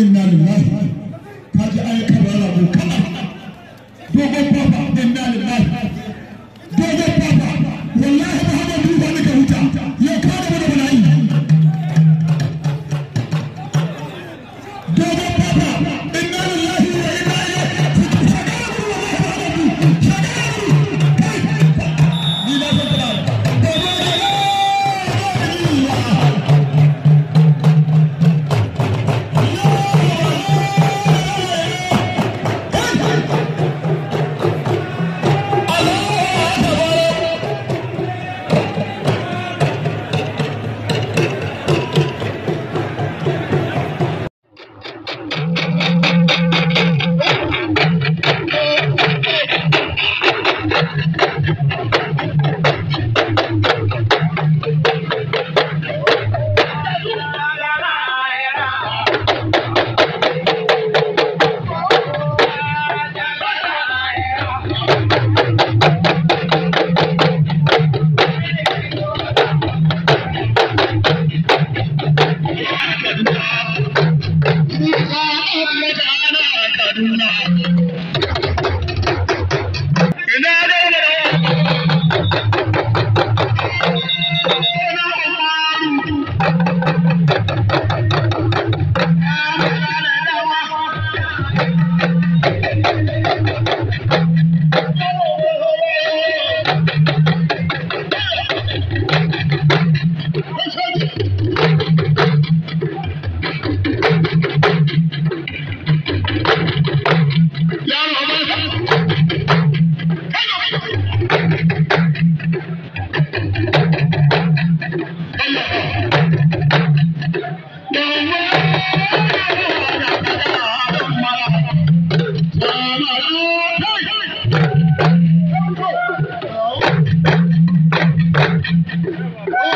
inna lillahi Yeah.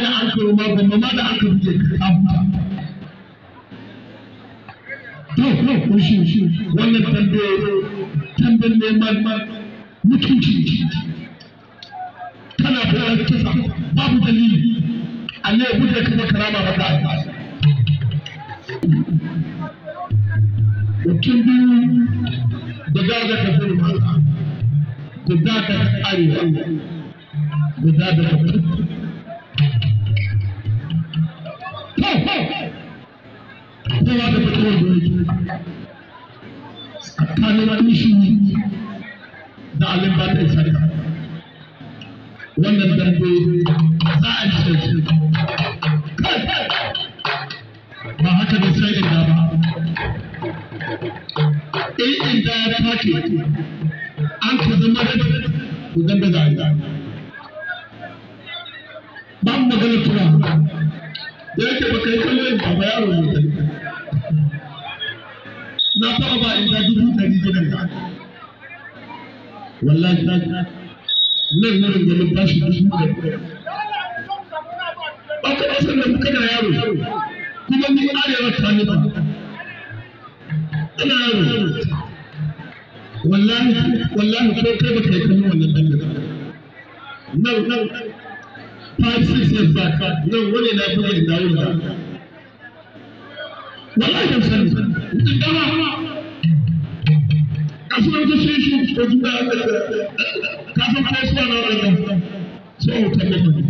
da aka yi ma da aka buge kamta to to shi shi wannan tambaye tambe ne man mutunci tana fara kisa babu dalili Allah ya buge kuma karama ba Allah mutum biyu da gaza ka fi guda da arewa guda da kudu kowa da fitowar gwamnati da wannan dambe za a ji shi ba haka da sai inda ba in inda an zama da a ba mu magana tura da yake baka yi kallon ba yaro ne ɗari gidan da aka wallahi na nan shi da kuɗi ba ka wasan da yaro kuma ni arewa ta nufa ina yaro wallahi wallahi ko kai baka yi kallon wannan ɗan da nan nan five six years back nan wani na buga da dawo da wallahi kan sani That's one of the issues that you have. That's a place where I'm going. So I'll tell you.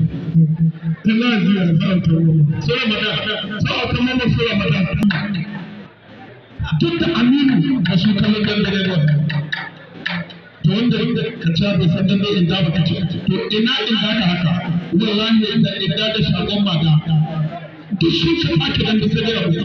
The last year, I'll tell you. So So I'll tell you. So Duk da aminu da su kallon dangane To wanda inda ka ci abin sannan da inda ba ka ci. To ina inda ka haka. Wallahi inda inda da shagon ba ga. Duk sun ake nan da sai da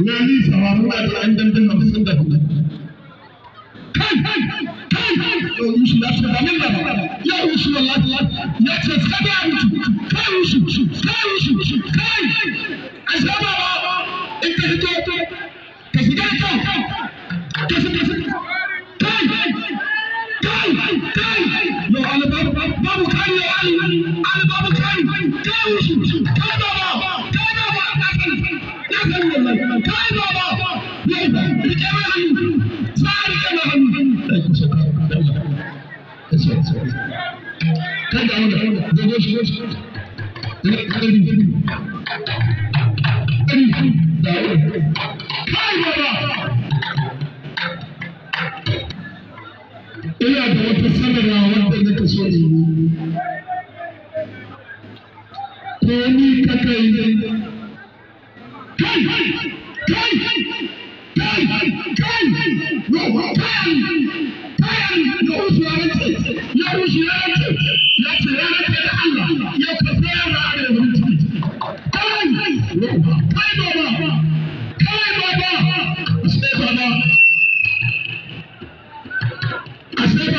Nani sauraron da ɗan dandan na fuskar da kuma. Kai, kai, kai, kai, yau yi shi lafiya ba da ba, yau yi shi ya ce tsada a mutu, kai yi kai yi kai, a saba ba, in ka fito, ka shiga da kan, ka shiga, kai, kai, kai, ina da wata sanarwa wadda na kaso ne ko ni ka kai kai kai kai kai kai kai kai kai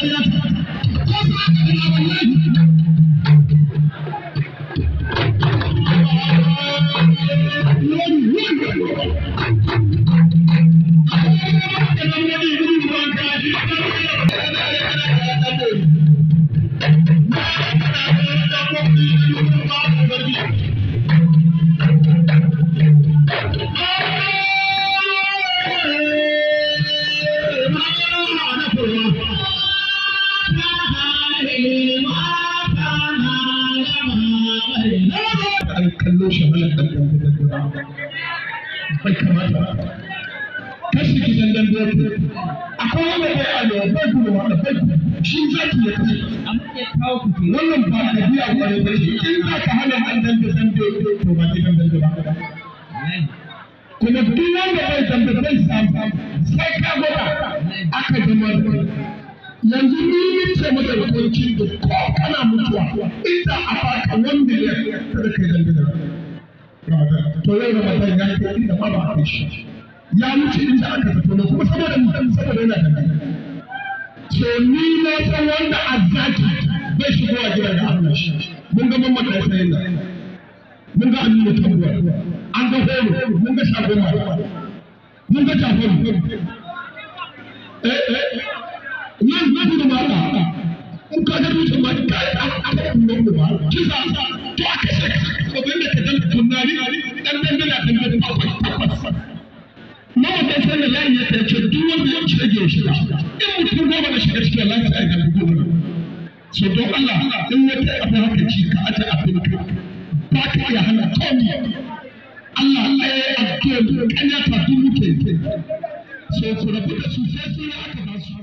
Ko ba ka da wallahi wa dambe akwai wanda bai alewa bai kun wanda bai shi zaki ya kashe wannan ba ka biya kware ba ce za ka hana an dambe dambe to ba gidan dambe ba kuma duk wanda bai dambe bai samu sai ka gwada aka zama yanzu ni ne ce maka da kwanci da ko kana mutuwa inda a baka wanda ya kada kai dambe da to yau da matan ya kai inda ma ba a ya wuce inda aka fito na kuma saboda mutum saboda yana da to ni na san wanda azzaki zai shigo a gidan da Allah shi mun ga mun mata sai na mun ga annabi tabbuwa an ga horo mun ga shago ma mun ga shago eh, eh eh nan nan da mata in ka ga mutum ba ka ta mun ba kisa to aka shi ko bin da dan tunani dan dan da ta dan da ta kofar da layi ya kai ce duk wanda ya shiga ya shiga in mutum goma da shiga cikin layi sai ga goma da so don Allah in wata abu haka ci ka aje abin ka ba ka iya hana Allah ya yi kanya ta so rabu da su sai sai aka ba su